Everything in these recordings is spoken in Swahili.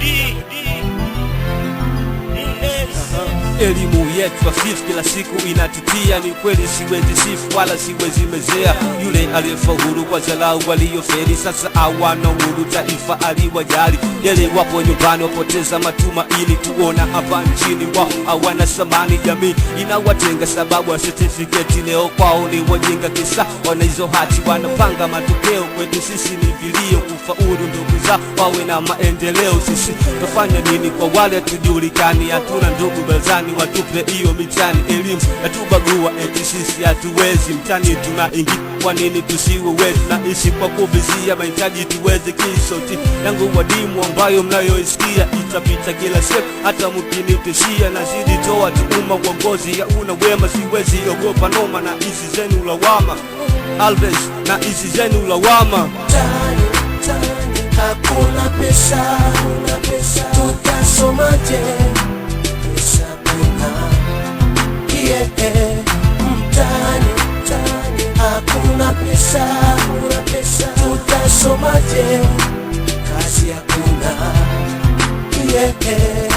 D. elimu yetu hafifu kila siku inatutia. Ni kweli siwezi sifu wala siwezi mezea yule aliyefaulu kwa zalau waliofeli, sasa awana uhuru, taifa aliwajali. yele, wapo nyumbani wapoteza matumaini, kuona hapa nchini wao hawana samani. Jamii inawatenga sababu ya certificate, leo kwao ni wajinga, kisa hizo hati, wanapanga matokeo. Kwetu sisi ni vilio kufaulu, ndugu za wawe na maendeleo. Sisi tafanya nini kwa wale tujulikani, hatuna ndugu bazani mtani watupe hiyo mitani Elimu yatubagua eti sisi hatuwezi, tuna ingi Kwa nini tusiwe wetu? isi kwa kuvizia mahitaji tuweze kisoti yangu wadimu ambayo mnayoisikia itapita kila siku, hata mkinitishia na zidi toa tuuma ngozi ya una wema, siwezi ogopa noma na isi zenu lawama Alves na isi zenu lawama Hakuna pesa, hakuna pesa, Tutasomaje? pesa, pesa, tutasomaje? Kazi hakuna yeah,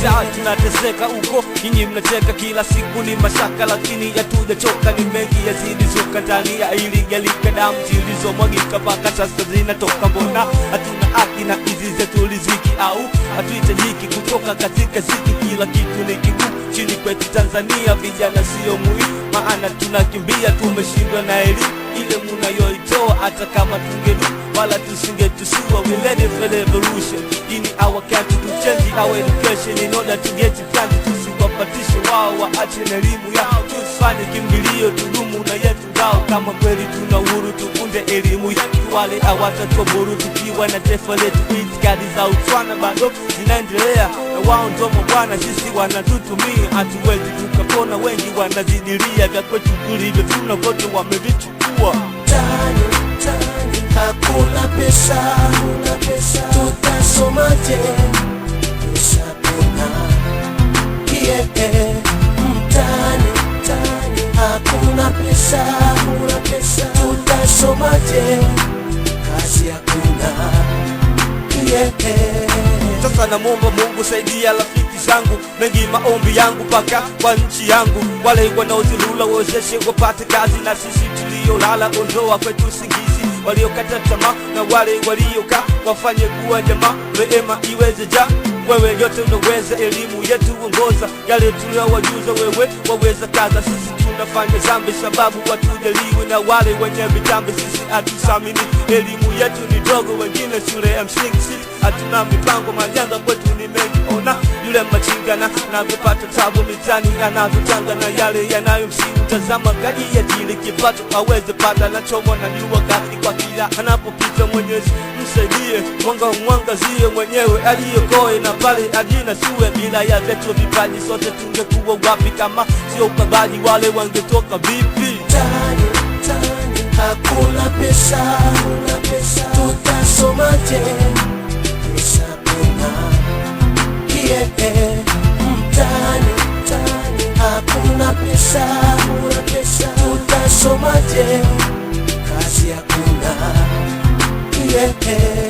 Njaa tunateseka huko, nyinyi mnacheka kila siku, ni mashaka lakini hatujachoka, ni mengi zuka ndani ya ili galika, damu zilizomwagika mpaka sasa zinatoka, mbona hatuna haki na hizi zetu riziki au hatuhitajiki kutoka katika ziki? Kila kitu ni kiku chini kwetu Tanzania, vijana sio mui, maana tunakimbia, tumeshindwa na elimu ile munayoitoa, hata kama tungenu wala tusingetusua. We led a revolution in our country to change our education in order to get it done. Tusiwapatishe wao waache na elimu yao, tusifanye kimbilio, tudumu na yetu ngao. Kama kweli tuna uhuru, tukunde elimu yetu, wale hawatatoburu tukiwa na taifa letu. Itikadi za utwana bado zinaendelea na wao ndomo mabwana, sisi wanatutumia, hatuwezi tukapona. Wengi wanazidiria vya kwetu tulivyo, tunakote wamevitu pesa, una pesa, tutasomaje? Pesa kiete mtani, mtani. Hakuna pesa, una pesa, tutasomaje? Kazi hakuna kiete hapa na mwomba Mungu, saidia rafiki zangu, mengi maombi yangu paka kwa nchi yangu, wale wanaozilula wawezeshe wapate kazi, na sisi tuliolala ondoa kwetu usingizi waliokata tamaa na wale waliokaa wafanye kuwa jamaa, rehema iwezeja wewe yote unaweza, elimu yetu uongoza, yale wajuza wewe waweza kaza. Sisi tunafanya zambi sababu watujaliwe na wale wenye vitambi, sisi atusamini elimu yetu ni dogo, wengine shule ya msingi, sisi hatuna mipango, majanga kwetu ni mengi, ona yule machinga na navyopata tabu mitaani anavyotanga na yale yanayomshitazama gadi ya jili kipato aweze pata nachomwa na jua kali kwa kila anapopita Mwenyezi msaidie mwanga mwangazie mwenyewe aliyokoe na pale ajina suwe bila ya vyetu vipaji sote tungekuwa wapi kama sio ukabaji wale wangetoka vipi hakuna pesa, pesa tutasomaje pesa pena niambie eh, mtani, hakuna pesa, utasomaje? kazi hakuna eh.